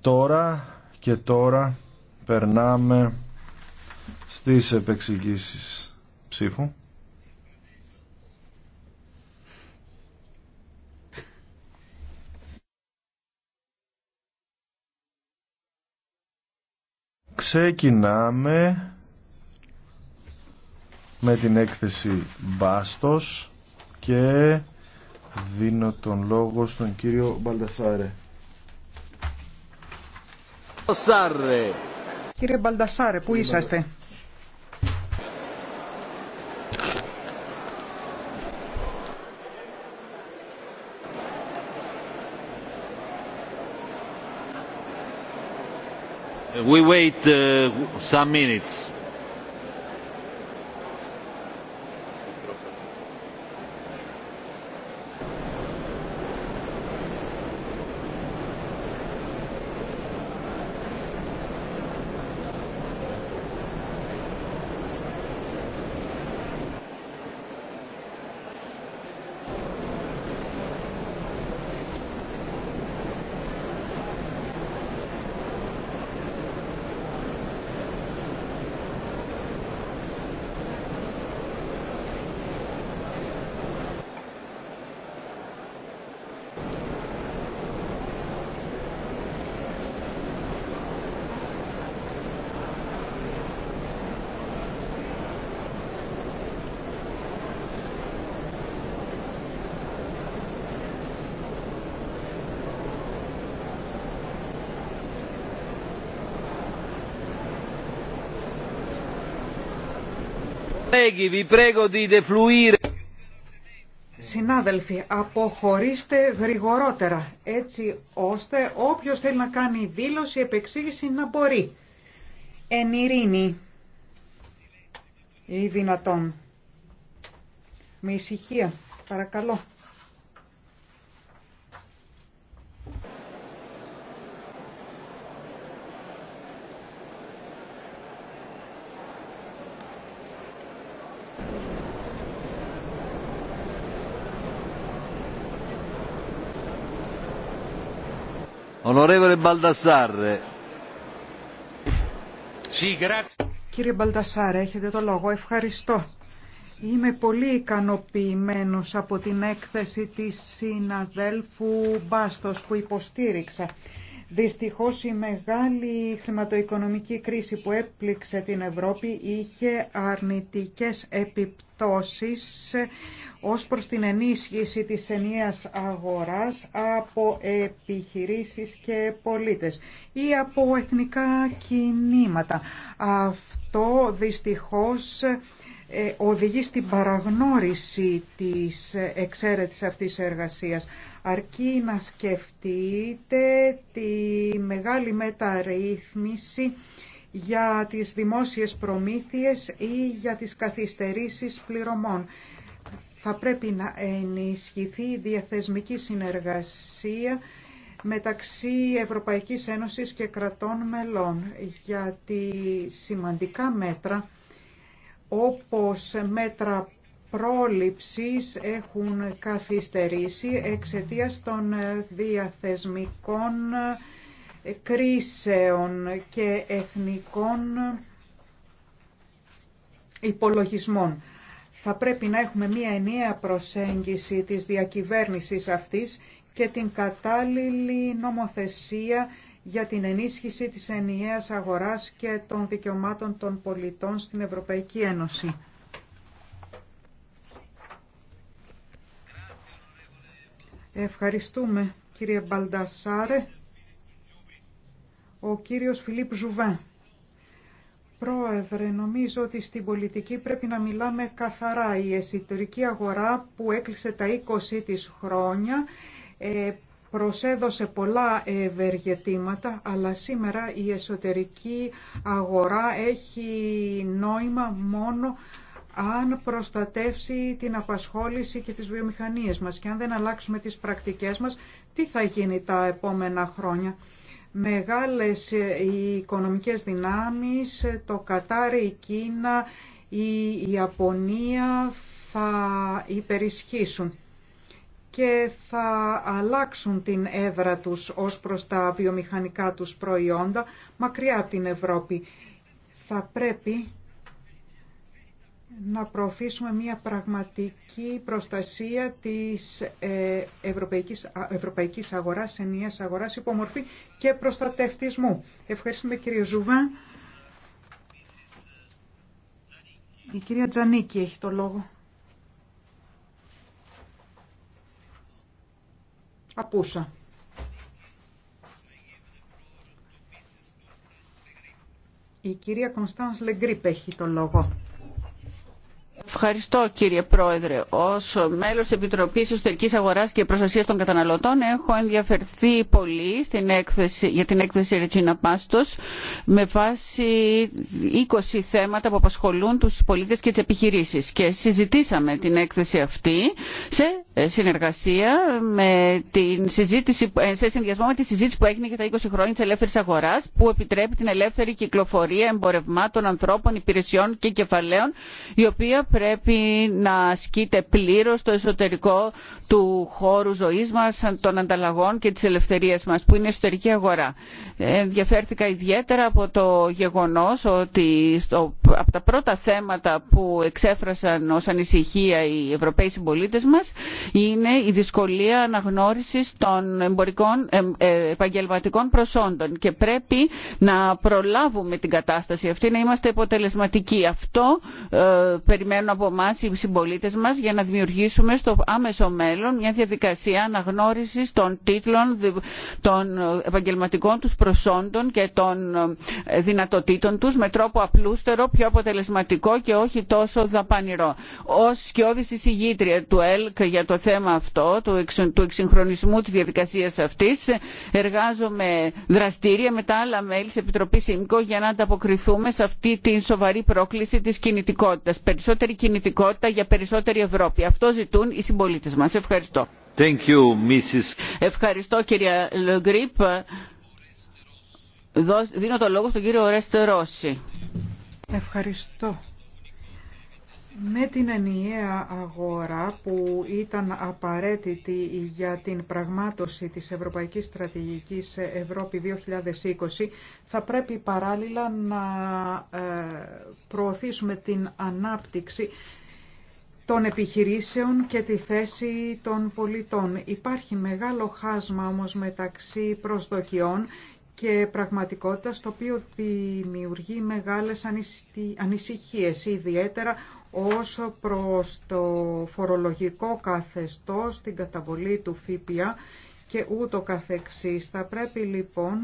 Τώρα και τώρα περνάμε στις επεξηγήσεις ψήφου. Ξεκινάμε με την έκθεση Μπάστος και Δίνω τον λόγο στον κύριο Μπαλτασάρε. Κύριε Μπαλτασάρε, πού είσαστε. We wait uh, some minutes. Συνάδελφοι, αποχωρήστε γρηγορότερα, έτσι ώστε όποιος θέλει να κάνει δήλωση, επεξήγηση να μπορεί. Εν ειρήνη ή δυνατόν. Με ησυχία, παρακαλώ. Κύριε Μπαλτασάρε, έχετε το λόγο. Ευχαριστώ. Είμαι πολύ ικανοποιημένος από την έκθεση της συναδέλφου Μπάστος που υποστήριξα Δυστυχώς η μεγάλη χρηματοοικονομική κρίση που έπληξε την Ευρώπη είχε αρνητικές επιπτώσεις ως προς την ενίσχυση της ενιαίας αγοράς από επιχειρήσεις και πολίτες ή από εθνικά κινήματα. Αυτό δυστυχώς ε, οδηγεί στην παραγνώριση της εξαίρετης αυτής εργασίας αρκεί να σκεφτείτε τη μεγάλη μεταρρύθμιση για τις δημόσιες προμήθειες ή για τις καθυστερήσεις πληρωμών. Θα πρέπει να ενισχυθεί η διαθεσμική συνεργασία μεταξύ Ευρωπαϊκής Ένωσης και κρατών μελών, γιατί σημαντικά μέτρα όπως μέτρα πρόληψης έχουν καθυστερήσει εξαιτίας των διαθεσμικών κρίσεων και εθνικών υπολογισμών. Θα πρέπει να έχουμε μία ενιαία προσέγγιση της διακυβέρνησης αυτής και την κατάλληλη νομοθεσία για την ενίσχυση της ενιαίας αγοράς και των δικαιωμάτων των πολιτών στην Ευρωπαϊκή Ένωση. Ευχαριστούμε κύριε Μπαλντασάρε. Ο κύριος Φιλίπ Ζουβέν. Πρόεδρε, νομίζω ότι στην πολιτική πρέπει να μιλάμε καθαρά. Η εσωτερική αγορά που έκλεισε τα 20 της χρόνια ε, προσέδωσε πολλά ευεργετήματα, αλλά σήμερα η εσωτερική αγορά έχει νόημα μόνο αν προστατεύσει την απασχόληση και τις βιομηχανίες μας και αν δεν αλλάξουμε τις πρακτικές μας, τι θα γίνει τα επόμενα χρόνια. Μεγάλες ε, οι οικονομικές δυνάμεις, ε, το Κατάρι, η Κίνα, η Ιαπωνία θα υπερισχύσουν και θα αλλάξουν την έδρα τους ως προς τα βιομηχανικά τους προϊόντα μακριά από την Ευρώπη. Θα πρέπει να προωθήσουμε μια πραγματική προστασία της ε, ευρωπαϊκής, ευρωπαϊκής αγοράς, ενιαίας αγοράς, υπομορφή και προστατευτισμού. Ευχαριστούμε κύριε Ζουβά. Η κυρία Τζανίκη έχει το λόγο. Απούσα. Η κυρία Κωνσταντς Λεγκρίπ έχει το λόγο. Ευχαριστώ κύριε Πρόεδρε. Ως μέλος Επιτροπής Εσωτερικής Αγοράς και Προστασίας των Καταναλωτών έχω ενδιαφερθεί πολύ στην έκθεση, για την έκθεση Ρετσίνα Πάστος με βάση 20 θέματα που απασχολούν τους πολίτες και τις επιχειρήσεις και συζητήσαμε την έκθεση αυτή σε ε, συνεργασία με την συζήτηση, ε, σε συνδυασμό με τη συζήτηση που έγινε για τα 20 χρόνια της ελεύθερης αγοράς που επιτρέπει την ελεύθερη κυκλοφορία εμπορευμάτων, ανθρώπων, υπηρεσιών και κεφαλαίων η οποία πρέπει να ασκείται πλήρως στο εσωτερικό του χώρου ζωής μας, των ανταλλαγών και της ελευθερίας μας που είναι η εσωτερική αγορά. Ενδιαφέρθηκα ιδιαίτερα από το γεγονός ότι στο, από τα πρώτα θέματα που εξέφρασαν ως ανησυχία οι Ευρωπαίοι συμπολίτε μας είναι η δυσκολία αναγνώρισης των εμπορικών ε, ε, επαγγελματικών προσόντων και πρέπει να προλάβουμε την κατάσταση αυτή, να είμαστε αποτελεσματικοί. Αυτό ε, περιμένουν από εμά οι συμπολίτε μα για να δημιουργήσουμε στο άμεσο μέλλον μια διαδικασία αναγνώρισης των τίτλων, των επαγγελματικών τους προσόντων και των δυνατοτήτων τους με τρόπο απλούστερο, πιο αποτελεσματικό και όχι τόσο δαπανηρό. Ως του ΕΛΚ για το θέμα αυτό του εξυγχρονισμού της διαδικασίας αυτής. Εργάζομαι δραστήρια με τα άλλα μέλη της Επιτροπής ΥΜΚΟ για να ανταποκριθούμε σε αυτή τη σοβαρή πρόκληση της κινητικότητας. Περισσότερη κινητικότητα για περισσότερη Ευρώπη. Αυτό ζητούν οι συμπολίτες μας. Ευχαριστώ. Ευχαριστώ κυρία Λεγκρίπ. Δίνω το λόγο στον κύριο Ρέστε Ρώση. Ευχαριστώ με την ενιαία αγορά που ήταν απαραίτητη για την πραγμάτωση της Ευρωπαϊκής Στρατηγικής Ευρώπη 2020 θα πρέπει παράλληλα να ε, προωθήσουμε την ανάπτυξη των επιχειρήσεων και τη θέση των πολιτών. Υπάρχει μεγάλο χάσμα όμως μεταξύ προσδοκιών και πραγματικότητα το οποίο δημιουργεί μεγάλες ανησυχίες, ιδιαίτερα όσο προς το φορολογικό καθεστώς, την καταβολή του ΦΠΑ και ούτω καθεξής. Θα πρέπει λοιπόν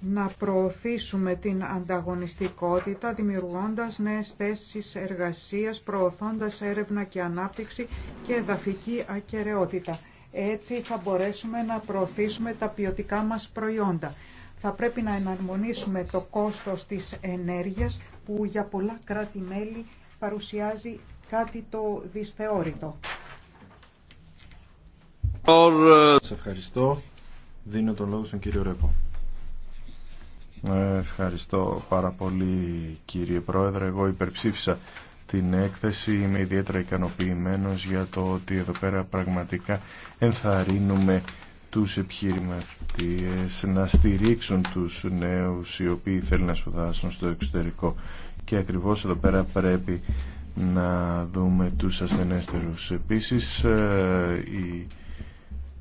να προωθήσουμε την ανταγωνιστικότητα δημιουργώντας νέες θέσεις εργασίας, προωθώντας έρευνα και ανάπτυξη και εδαφική ακαιρεότητα. Έτσι θα μπορέσουμε να προωθήσουμε τα ποιοτικά μας προϊόντα. Θα πρέπει να εναρμονίσουμε το κόστος της ενέργειας που για πολλά κράτη-μέλη παρουσιάζει κάτι το δυσθεώρητο. Σε ευχαριστώ. Δίνω τον λόγο στον κύριο Ρέπο. Ε, ευχαριστώ πάρα πολύ κύριε Πρόεδρε. Εγώ υπερψήφισα την έκθεση. Είμαι ιδιαίτερα ικανοποιημένος για το ότι εδώ πέρα πραγματικά ενθαρρύνουμε τους επιχειρηματίες να στηρίξουν τους νέους οι οποίοι θέλουν να σπουδάσουν στο εξωτερικό και ακριβώς εδώ πέρα πρέπει να δούμε τους ασθενέστερους επίσης ε, η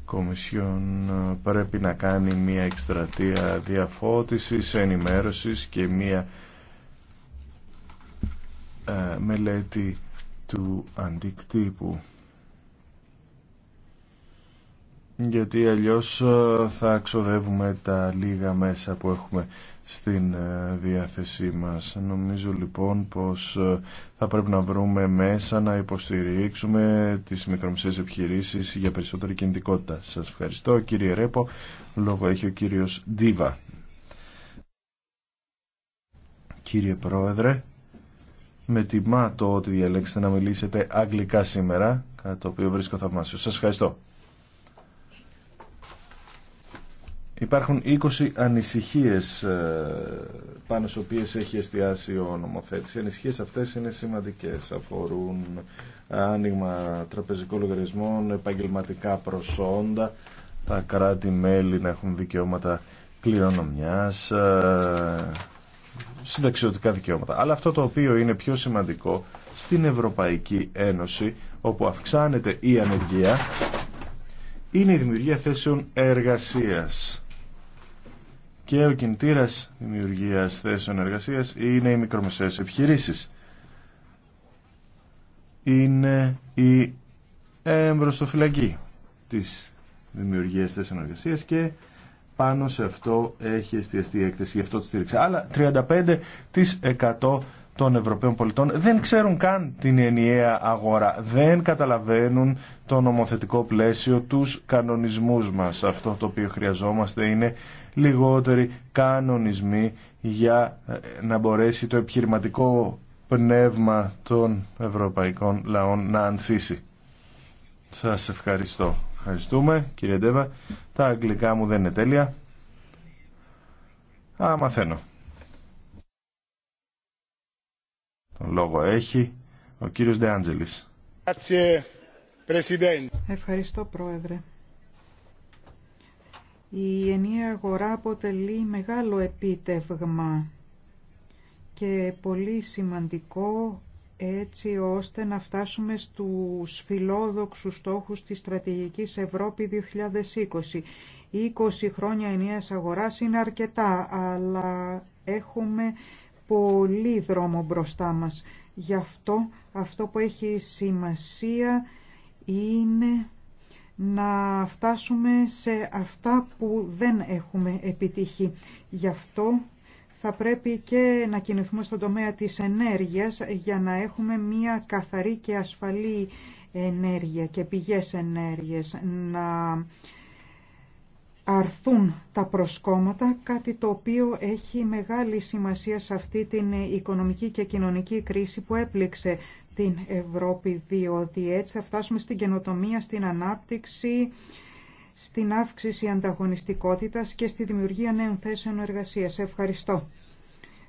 Κομισιόν πρέπει να κάνει μια εκστρατεία διαφώτισης, ενημέρωσης και μια ε, μελέτη του αντικτύπου γιατί αλλιώς ε, θα ξοδεύουμε τα λίγα μέσα που έχουμε στην ε, διάθεσή μας. Νομίζω λοιπόν πως ε, θα πρέπει να βρούμε μέσα να υποστηρίξουμε τις μικρομεσαίες επιχειρήσεις για περισσότερη κινητικότητα. Σας ευχαριστώ κύριε Ρέπο. Λόγο έχει ο κύριος Ντίβα. Κύριε Πρόεδρε, με τιμά το ότι διαλέξετε να μιλήσετε αγγλικά σήμερα, κατά το οποίο βρίσκω θαυμάσιο. Σας ευχαριστώ. Υπάρχουν 20 ανησυχίες ε, πάνω στις οποίες έχει εστιάσει ο νομοθέτης. Οι ανησυχίες αυτές είναι σημαντικές. Αφορούν ε, άνοιγμα τραπεζικών λογαριασμών, επαγγελματικά προσόντα, τα κράτη-μέλη να έχουν δικαιώματα κληρονομιάς, ε, συνταξιωτικά δικαιώματα. Αλλά αυτό το οποίο είναι πιο σημαντικό στην Ευρωπαϊκή Ένωση, όπου αυξάνεται η ανεργία, είναι η δημιουργία θέσεων εργασίας και ο κινητήρα δημιουργία θέσεων εργασίας είναι οι μικρομεσαίε επιχειρήσει. Είναι η εμπροστοφυλακή τη δημιουργία θέσεων εργασία. και πάνω σε αυτό έχει εστιαστεί η έκθεση, γι' αυτό τη στήριξα. Αλλά 35% των Ευρωπαίων πολιτών δεν ξέρουν καν την ενιαία αγορά. Δεν καταλαβαίνουν το νομοθετικό πλαίσιο, τους κανονισμούς μας. Αυτό το οποίο χρειαζόμαστε είναι λιγότεροι κανονισμοί για ε, να μπορέσει το επιχειρηματικό πνεύμα των ευρωπαϊκών λαών να ανθίσει. Σας ευχαριστώ. Ευχαριστούμε κύριε Ντέβα. Τα αγγλικά μου δεν είναι τέλεια. Α, μαθαίνω. λόγο έχει ο κύριος Ντεάντζελης. Ευχαριστώ Πρόεδρε. Η ενιαία αγορά αποτελεί μεγάλο επίτευγμα και πολύ σημαντικό έτσι ώστε να φτάσουμε στους φιλόδοξους στόχους της στρατηγικής Ευρώπη 2020. 20 χρόνια ενιαίας αγοράς είναι αρκετά, αλλά έχουμε πολύ δρόμο μπροστά μας. Γι' αυτό αυτό που έχει σημασία είναι να φτάσουμε σε αυτά που δεν έχουμε επιτύχει. Γι' αυτό θα πρέπει και να κινηθούμε στον τομέα της ενέργειας για να έχουμε μια καθαρή και ασφαλή ενέργεια και πηγές ενέργειας. Να αρθούν τα προσκόμματα, κάτι το οποίο έχει μεγάλη σημασία σε αυτή την οικονομική και κοινωνική κρίση που έπληξε την Ευρώπη, διότι έτσι θα φτάσουμε στην καινοτομία, στην ανάπτυξη, στην αύξηση ανταγωνιστικότητας και στη δημιουργία νέων θέσεων εργασίας. Ευχαριστώ.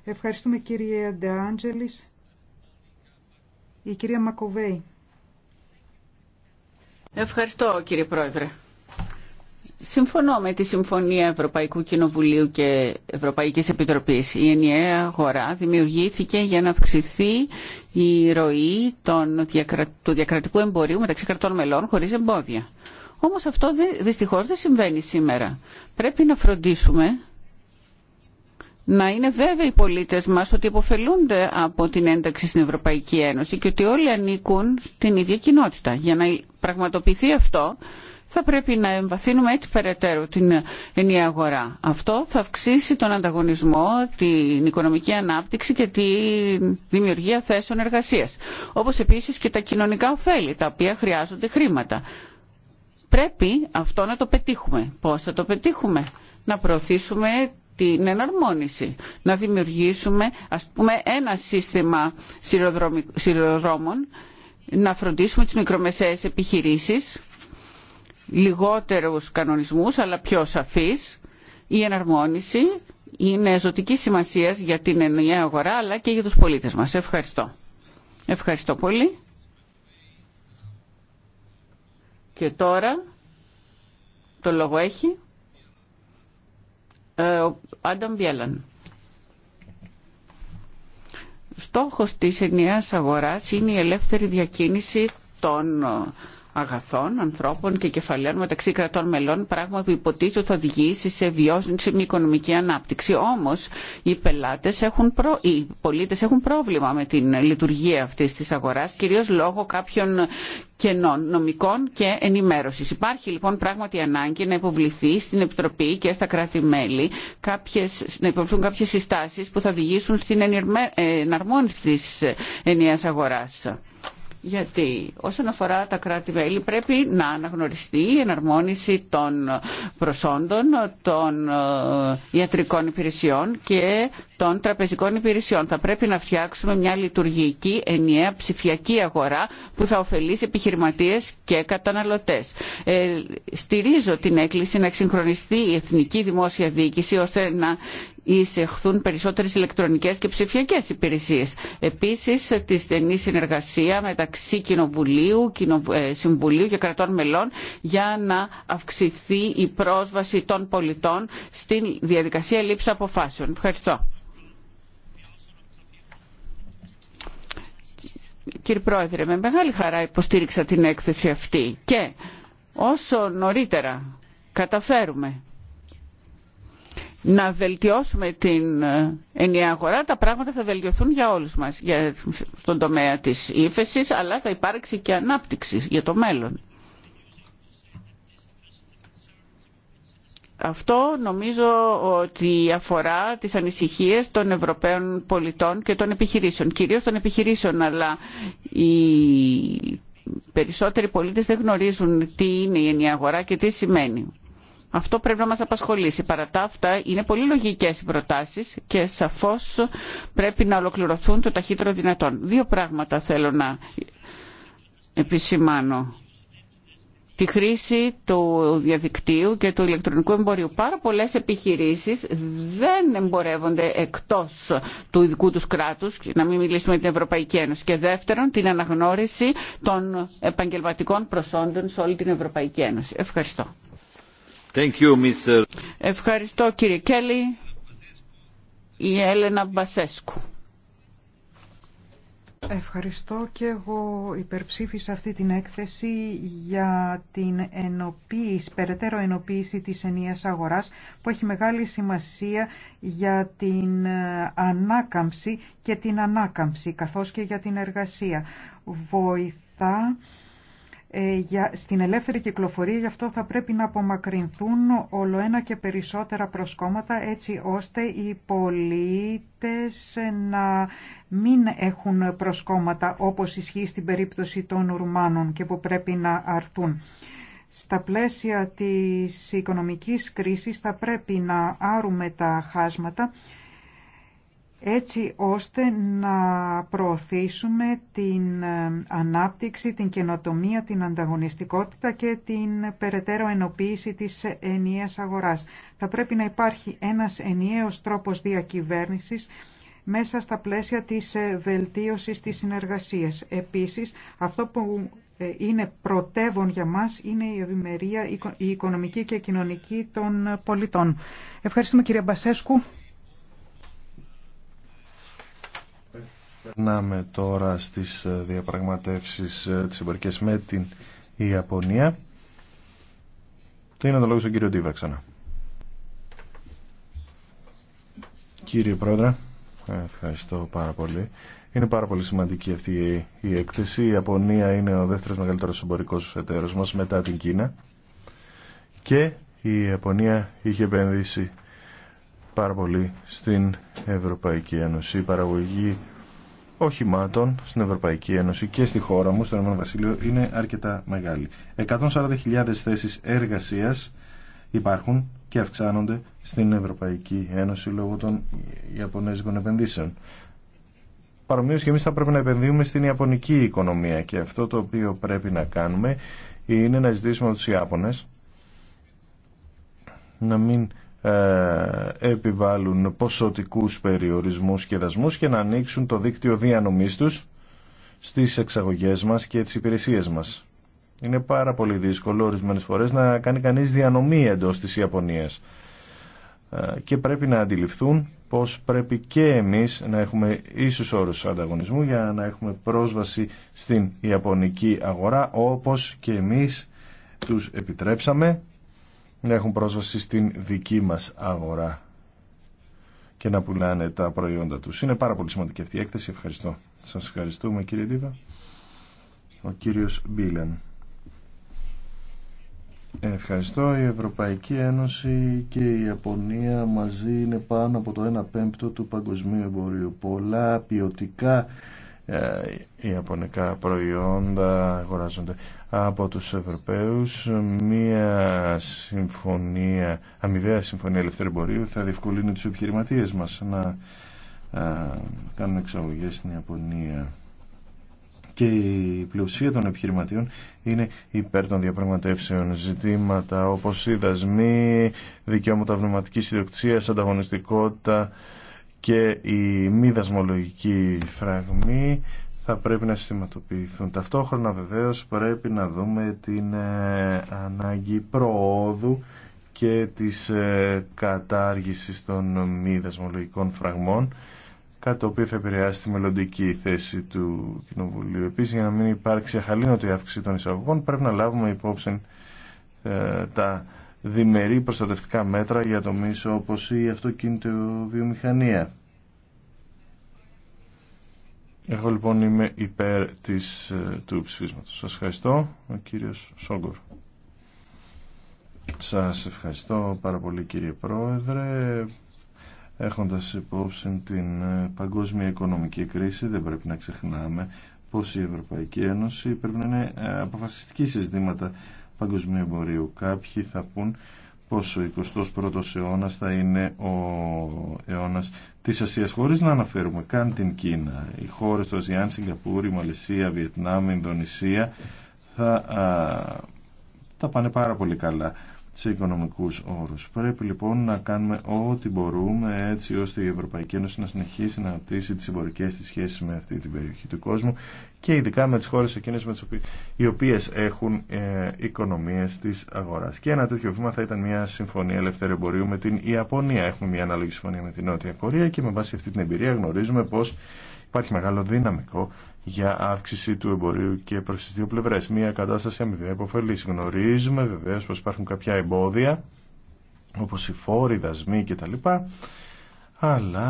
Ευχαριστούμε κύριε Ντεάντζελης. Η κυρία Μακοβέη. Ευχαριστώ κύριε Πρόεδρε. Συμφωνώ με τη Συμφωνία Ευρωπαϊκού Κοινοβουλίου και Ευρωπαϊκής Επιτροπής. Η ενιαία αγορά δημιουργήθηκε για να αυξηθεί η ροή του διακρατικού εμπορίου μεταξύ κρατών μελών χωρίς εμπόδια. Όμως αυτό δυστυχώς δεν συμβαίνει σήμερα. Πρέπει να φροντίσουμε να είναι βέβαιοι οι πολίτες μας ότι υποφελούνται από την ένταξη στην Ευρωπαϊκή Ένωση και ότι όλοι ανήκουν στην ίδια κοινότητα. Για να πραγματοποιηθεί αυτό θα πρέπει να εμβαθύνουμε έτσι περαιτέρω την ενιαία αγορά. Αυτό θα αυξήσει τον ανταγωνισμό, την οικονομική ανάπτυξη και τη δημιουργία θέσεων εργασίας. Όπως επίσης και τα κοινωνικά ωφέλη, τα οποία χρειάζονται χρήματα. Πρέπει αυτό να το πετύχουμε. Πώς θα το πετύχουμε. Να προωθήσουμε την εναρμόνιση. Να δημιουργήσουμε ας πούμε ένα σύστημα σειροδρόμων, να φροντίσουμε τις μικρομεσαίες επιχειρήσεις λιγότερους κανονισμούς αλλά πιο σαφείς. Η εναρμόνιση είναι ζωτική σημασίας για την ενιαία αγορά αλλά και για τους πολίτες μας. Ευχαριστώ. Ευχαριστώ πολύ. Και τώρα το λόγο έχει ε, ο Άνταμ Βιέλλαν. Στόχος της ενιαίας αγοράς είναι η ελεύθερη διακίνηση των αγαθών, ανθρώπων και κεφαλαίων μεταξύ κρατών μελών, πράγμα που υποτίθεται θα οδηγήσει σε βιώσιμη οικονομική ανάπτυξη. Όμω, οι έχουν προ... οι πολίτε έχουν πρόβλημα με την λειτουργία αυτή τη αγορά, κυρίω λόγω κάποιων κενών νομικών και ενημέρωση. Υπάρχει λοιπόν πράγματι ανάγκη να υποβληθεί στην Επιτροπή και στα κράτη-μέλη να υποβληθούν κάποιε συστάσει που θα οδηγήσουν στην ε, εναρμόνιση τη ε, ενιαία αγορά. Γιατί όσον αφορά τα κράτη-μέλη πρέπει να αναγνωριστεί η εναρμόνιση των προσόντων, των ε, ιατρικών υπηρεσιών και των τραπεζικών υπηρεσιών. Θα πρέπει να φτιάξουμε μια λειτουργική ενιαία ψηφιακή αγορά που θα ωφελήσει επιχειρηματίες και καταναλωτές. Ε, στηρίζω την έκκληση να εξυγχρονιστεί η εθνική δημόσια διοίκηση ώστε να εισεχθούν περισσότερες ηλεκτρονικές και ψηφιακές υπηρεσίες. Επίσης, τη στενή συνεργασία μεταξύ Κοινοβουλίου, ε, Συμβουλίου και κρατών μελών για να αυξηθεί η πρόσβαση των πολιτών στην διαδικασία λήψη αποφάσεων. Ευχαριστώ. Κύριε Πρόεδρε, με μεγάλη χαρά υποστήριξα την έκθεση αυτή και όσο νωρίτερα καταφέρουμε να βελτιώσουμε την ε, ενιαία αγορά, τα πράγματα θα βελτιωθούν για όλους μας για, στον τομέα της ύφεσης, αλλά θα υπάρξει και ανάπτυξη για το μέλλον. Αυτό νομίζω ότι αφορά τις ανησυχίες των Ευρωπαίων πολιτών και των επιχειρήσεων, κυρίως των επιχειρήσεων, αλλά οι περισσότεροι πολίτες δεν γνωρίζουν τι είναι η ενιαία αγορά και τι σημαίνει. Αυτό πρέπει να μας απασχολήσει. Παρά τα αυτά είναι πολύ λογικές οι προτάσεις και σαφώς πρέπει να ολοκληρωθούν το ταχύτερο δυνατόν. Δύο πράγματα θέλω να επισημάνω. Τη χρήση του διαδικτύου και του ηλεκτρονικού εμπορίου. Πάρα πολλές επιχειρήσεις δεν εμπορεύονται εκτός του ειδικού τους κράτους, να μην μιλήσουμε για την Ευρωπαϊκή Ένωση. Και δεύτερον, την αναγνώριση των επαγγελματικών προσόντων σε όλη την Ευρωπαϊκή Ένωση. Ευχαριστώ. Ευχαριστώ κύριε Κέλλη. Η Έλενα Μπασέσκου. Ευχαριστώ και εγώ υπερψήφισα αυτή την έκθεση για την ενοποίηση, περαιτέρω ενοποίηση της ενίας αγοράς που έχει μεγάλη σημασία για την ε, ανάκαμψη και την ανάκαμψη καθώς και για την εργασία. Βοηθά ε, στην ελεύθερη κυκλοφορία, γι' αυτό θα πρέπει να απομακρυνθούν όλο ένα και περισσότερα προσκόμματα έτσι ώστε οι πολίτες να μην έχουν προσκόμματα όπως ισχύει στην περίπτωση των Ουρμάνων και που πρέπει να αρθούν. Στα πλαίσια της οικονομικής κρίσης θα πρέπει να άρουμε τα χάσματα έτσι ώστε να προωθήσουμε την ε, ανάπτυξη, την καινοτομία, την ανταγωνιστικότητα και την περαιτέρω ενοποίηση της ενιαίας αγοράς. Θα πρέπει να υπάρχει ένας ενιαίος τρόπος διακυβέρνησης μέσα στα πλαίσια της ε, βελτίωσης της συνεργασίας. Επίσης, αυτό που ε, είναι πρωτεύον για μας είναι η ευημερία, η οικονομική και η κοινωνική των πολιτών. Ευχαριστούμε κύριε Μπασέσκου. Περνάμε τώρα στις ε, διαπραγματεύσεις ε, της εμπορικές με την Ιαπωνία. Τι είναι το λόγο στον κύριο Ντίβα ξανά. Κύριε Πρόεδρε, ευχαριστώ πάρα πολύ. Είναι πάρα πολύ σημαντική αυτή η έκθεση. Η Ιαπωνία είναι ο δεύτερος μεγαλύτερος εμπορικός εταίρος μας μετά την Κίνα. Και η Ιαπωνία είχε επενδύσει πάρα πολύ στην Ευρωπαϊκή Ένωση. Η παραγωγή οχημάτων στην Ευρωπαϊκή Ένωση και στη χώρα μου, στο Ρωμανό Βασίλειο, είναι αρκετά μεγάλη. 140.000 θέσεις εργασίας υπάρχουν και αυξάνονται στην Ευρωπαϊκή Ένωση λόγω των Ιαπωνέζικων επενδύσεων. Παρομοίως και εμείς θα πρέπει να επενδύουμε στην Ιαπωνική οικονομία και αυτό το οποίο πρέπει να κάνουμε είναι να ζητήσουμε από τους Ιάπωνες να μην ε, επιβάλλουν ποσοτικούς περιορισμούς και δασμούς και να ανοίξουν το δίκτυο διανομής τους στις εξαγωγές μας και τις υπηρεσίες μας. Είναι πάρα πολύ δύσκολο ορισμένες φορές να κάνει κανείς διανομή εντός της Ιαπωνίας ε, και πρέπει να αντιληφθούν πως πρέπει και εμείς να έχουμε ίσους όρους ανταγωνισμού για να έχουμε πρόσβαση στην Ιαπωνική αγορά όπως και εμείς τους επιτρέψαμε να έχουν πρόσβαση στην δική μας αγορά και να πουλάνε τα προϊόντα τους. Είναι πάρα πολύ σημαντική αυτή η έκθεση. Ευχαριστώ. Σας ευχαριστούμε κύριε Δίβα. Ο κύριος Μπίλεν. Ευχαριστώ. Η Ευρωπαϊκή Ένωση και η Ιαπωνία μαζί είναι πάνω από το 1 πέμπτο του παγκοσμίου εμπορίου. Πολλά ποιοτικά ε, οι ιαπωνικά προϊόντα αγοράζονται από τους Ευρωπαίους. Μία συμφωνία, αμοιβαία συμφωνία ελευθερμπορίου θα διευκολύνει τους επιχειρηματίε μας να ε, κάνουν εξαγωγές στην Ιαπωνία. Και η πλειοψηφία των επιχειρηματιών είναι υπέρ των διαπραγματεύσεων. Ζητήματα όπως οι δασμοί, δικαιώματα πνευματικής ιδιοκτησίας, ανταγωνιστικότητα, και η μη δασμολογικοί φραγμοί θα πρέπει να συστηματοποιηθούν. Ταυτόχρονα βεβαίως πρέπει να δούμε την ε, ανάγκη προόδου και της ε, κατάργησης των μη δασμολογικών φραγμών κάτι το οποίο θα επηρεάσει τη μελλοντική θέση του Κοινοβουλίου. Επίσης, για να μην υπάρξει αχαλήνωτη αύξηση των εισαγωγών, πρέπει να λάβουμε υπόψη ε, τα διμερεί προστατευτικά μέτρα για το μίσο όπως η αυτοκίνητο βιομηχανία. Εγώ λοιπόν είμαι υπέρ της, ε, του ψηφίσματος. Σας ευχαριστώ, ο κύριος Σόγκορ. Σας ευχαριστώ πάρα πολύ κύριε Πρόεδρε. Έχοντας υπόψη την ε, παγκόσμια οικονομική κρίση δεν πρέπει να ξεχνάμε πως η Ευρωπαϊκή Ένωση πρέπει να είναι ε, αποφασιστική παγκοσμίου εμπορίου. Κάποιοι θα πούν πως ο 21ος αιώνας θα είναι ο αιώνας της Ασίας χωρίς να αναφέρουμε καν την Κίνα. Οι χώρες του Ασιαν, Σιγκαπούρη, Μαλαισία, Βιετνάμ, Ινδονησία θα τα πάνε πάρα πολύ καλά σε οικονομικούς όρους. Πρέπει λοιπόν να κάνουμε ό,τι μπορούμε έτσι ώστε η Ευρωπαϊκή Ένωση να συνεχίσει να αναπτύσσει τις συμπορικές της σχέσεις με αυτή την περιοχή του κόσμου και ειδικά με τις χώρες εκείνες οι οποίες έχουν ε, οικονομίες της αγοράς. Και ένα τέτοιο βήμα θα ήταν μια συμφωνία ελευθερία εμπορίου με την Ιαπωνία. Έχουμε μια ανάλογη συμφωνία με την Νότια Κορία και με βάση αυτή την εμπειρία γνωρίζουμε πως Υπάρχει μεγάλο δυναμικό για αύξηση του εμπορίου και προ τι δύο πλευρέ. Μία κατάσταση αμοιβαία υποφελή. Γνωρίζουμε βεβαίω πω υπάρχουν κάποια εμπόδια όπω οι φόροι, οι δασμοί κτλ. Αλλά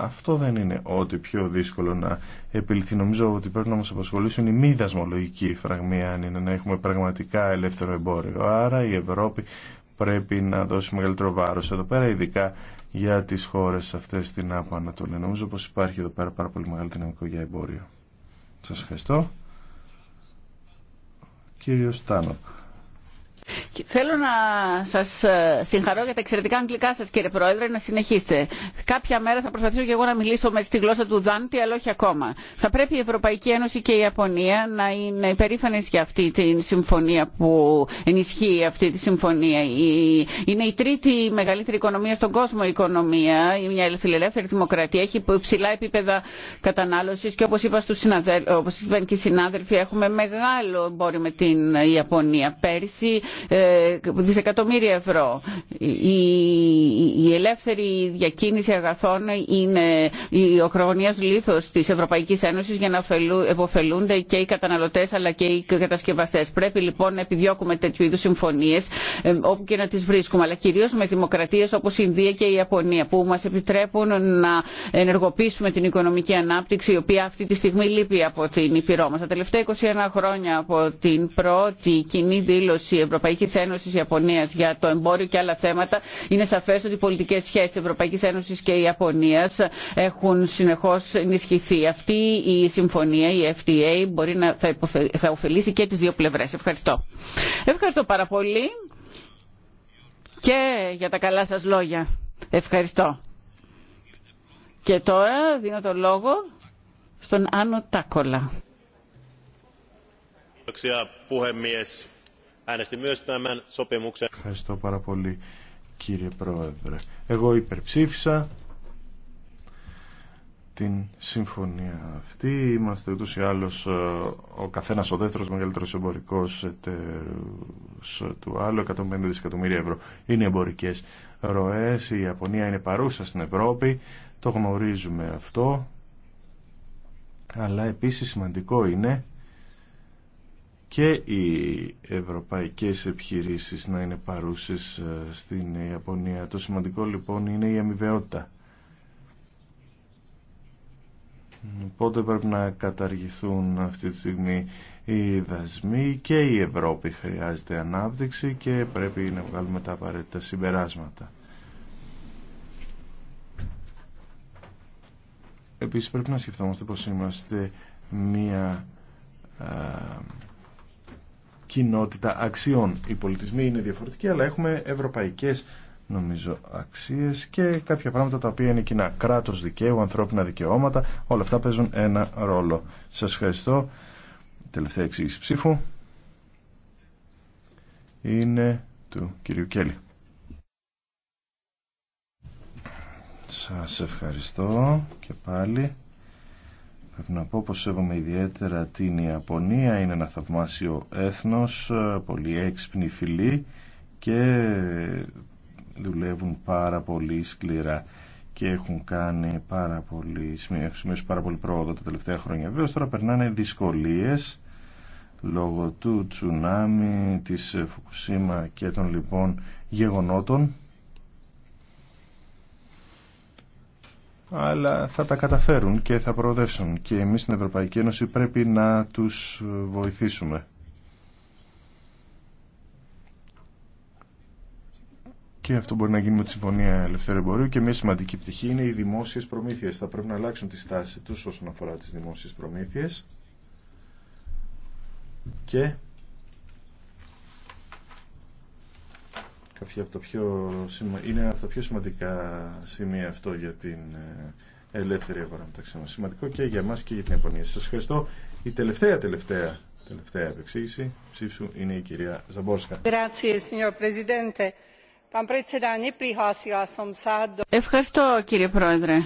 αυτό δεν είναι ό,τι πιο δύσκολο να επιληθεί. Νομίζω ότι πρέπει να μας απασχολήσουν οι μη δασμολογικοί φραγμοί, αν είναι να έχουμε πραγματικά ελεύθερο εμπόριο. Άρα η Ευρώπη πρέπει να δώσει μεγαλύτερο βάρος εδώ πέρα, ειδικά για τις χώρες αυτές στην ΑΠΑ Ανατολή. Νομίζω πως υπάρχει εδώ πέρα πάρα πολύ μεγάλη δυναμικό για εμπόριο. Σας ευχαριστώ. Κύριος Τάνοκ. Θέλω να σα ε, συγχαρώ για τα εξαιρετικά αγγλικά σα, κύριε Πρόεδρε, να συνεχίσετε. Κάποια μέρα θα προσπαθήσω και εγώ να μιλήσω με στη γλώσσα του Δάντη, αλλά όχι ακόμα. Θα πρέπει η Ευρωπαϊκή Ένωση και η Ιαπωνία να είναι υπερήφανε για αυτή τη συμφωνία που ενισχύει αυτή τη συμφωνία. Είναι η τρίτη μεγαλύτερη οικονομία στον κόσμο η οικονομία, μια φιλελεύθερη δημοκρατία, έχει υψηλά επίπεδα κατανάλωση. και όπω είπα στου είπαν και οι συνάδελφοι έχουμε μεγάλο εμπόριο με την Ιαπωνία. Πέρσι ε, δισεκατομμύρια ευρώ. Η ελεύθερη διακίνηση αγαθών είναι ο χρονιάς λίθος της Ευρωπαϊκής Ένωσης για να επωφελούνται και οι καταναλωτές αλλά και οι κατασκευαστές. Πρέπει λοιπόν να επιδιώκουμε τέτοιου είδου συμφωνίες ε, όπου και να τις βρίσκουμε αλλά κυρίως με δημοκρατίες όπως η Ινδία και η Ιαπωνία που μας επιτρέπουν να ενεργοποιήσουμε την οικονομική ανάπτυξη η οποία αυτή τη στιγμή λείπει από την Ήπειρό μας. Τα τελευταία 21 χρόνια από την πρώτη κοινή δήλωση Ευρωπαϊκή Ευρωπαϊκή Ένωση Ιαπωνίας για το εμπόριο και άλλα θέματα, είναι σαφές ότι οι πολιτικές σχέσεις Ευρωπαϊκής Ένωσης και Ιαπωνίας έχουν συνεχώς ενισχυθεί. Αυτή η συμφωνία, η FTA, μπορεί να θα, ωφελήσει και τι δύο πλευρέ. Ευχαριστώ. Ευχαριστώ πάρα πολύ και για τα καλά σας λόγια. Ευχαριστώ. Και τώρα δίνω το λόγο στον Άνω Τάκολα. Äänestin myös Ευχαριστώ πάρα πολύ κύριε Πρόεδρε. Εγώ υπερψήφισα την συμφωνία αυτή. Είμαστε ούτως ή άλλως ε, ο καθένας ο δεύτερος μεγαλύτερος εμπορικός εταίρος του άλλου, 150 δισεκατομμύρια ευρώ. Είναι εμπορικές ροές, η Ιαπωνία είναι παρούσα στην Ευρώπη, το γνωρίζουμε αυτό. Αλλά επίσης σημαντικό είναι και οι ευρωπαϊκές επιχειρήσεις να είναι παρούσες ε, στην Ιαπωνία. Το σημαντικό λοιπόν είναι η αμοιβαιότητα. Πότε πρέπει να καταργηθούν αυτή τη στιγμή οι δασμοί και η Ευρώπη χρειάζεται ανάπτυξη και πρέπει να βγάλουμε τα απαραίτητα συμπεράσματα. Επίσης πρέπει να σκεφτόμαστε πως είμαστε μία κοινότητα αξιών. Οι πολιτισμοί είναι διαφορετικοί, αλλά έχουμε ευρωπαϊκές νομίζω αξίες και κάποια πράγματα τα οποία είναι κοινά. Κράτος δικαίου, ανθρώπινα δικαιώματα, όλα αυτά παίζουν ένα ρόλο. Σας ευχαριστώ. Τελευταία εξήγηση ψήφου είναι του κυρίου Κέλλη. Σας ευχαριστώ και πάλι. Πρέπει να πω πως σέβομαι ιδιαίτερα την Ιαπωνία, είναι ένα θαυμάσιο έθνος, πολύ έξυπνη φιλή και δουλεύουν πάρα πολύ σκληρά και έχουν κάνει πάρα πολύ, σημειώσει πάρα πολύ πρόοδο τα τελευταία χρόνια. Βέβαια τώρα περνάνε δυσκολίες λόγω του τσουνάμι, της Φουκουσίμα και των λοιπόν γεγονότων αλλά θα τα καταφέρουν και θα προοδεύσουν και εμείς στην Ευρωπαϊκή Ένωση πρέπει να τους βοηθήσουμε. Και αυτό μπορεί να γίνει με τη Συμφωνία ελευθερία. και μια σημαντική πτυχή είναι οι δημόσιες προμήθειες. Θα πρέπει να αλλάξουν τη στάση τους όσον αφορά τις δημόσιες προμήθειες και από πιο, είναι από τα πιο σημαντικά σημεία αυτό για την ε, ελεύθερη αγορά μεταξύ μας. Σημαντικό και για μας και για την Ιαπωνία. Σας ευχαριστώ. Η τελευταία τελευταία τελευταία επεξήγηση ψήφου είναι η κυρία Ζαμπόρσκα. Ευχαριστώ κύριε Πρόεδρε.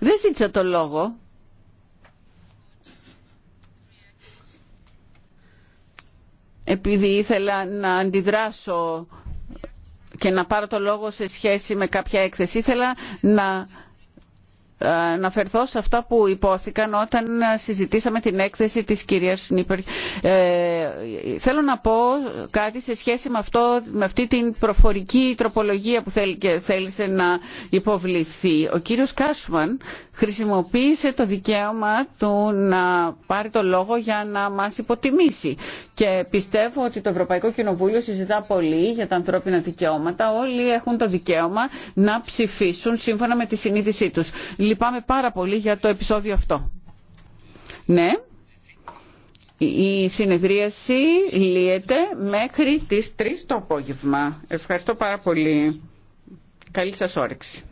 Δεν ζήτησα το λόγο. επειδή ήθελα να αντιδράσω και να πάρω το λόγο σε σχέση με κάποια έκθεση. Ήθελα να αναφερθώ σε αυτά που υπόθηκαν όταν συζητήσαμε την έκθεση της κυρίας Σνίπερ. Ε, θέλω να πω κάτι σε σχέση με, αυτό, με αυτή την προφορική τροπολογία που θέλησε να υποβληθεί. Ο κύριος Κάσμαν χρησιμοποίησε το δικαίωμα του να πάρει το λόγο για να μας υποτιμήσει. Και πιστεύω ότι το Ευρωπαϊκό Κοινοβούλιο συζητά πολύ για τα ανθρώπινα δικαιώματα. Όλοι έχουν το δικαίωμα να ψηφίσουν σύμφωνα με τη συνείδησή τους λυπάμαι πάρα πολύ για το επεισόδιο αυτό. Ναι, η συνεδρίαση λύεται μέχρι τις 3 το απόγευμα. Ευχαριστώ πάρα πολύ. Καλή σας όρεξη.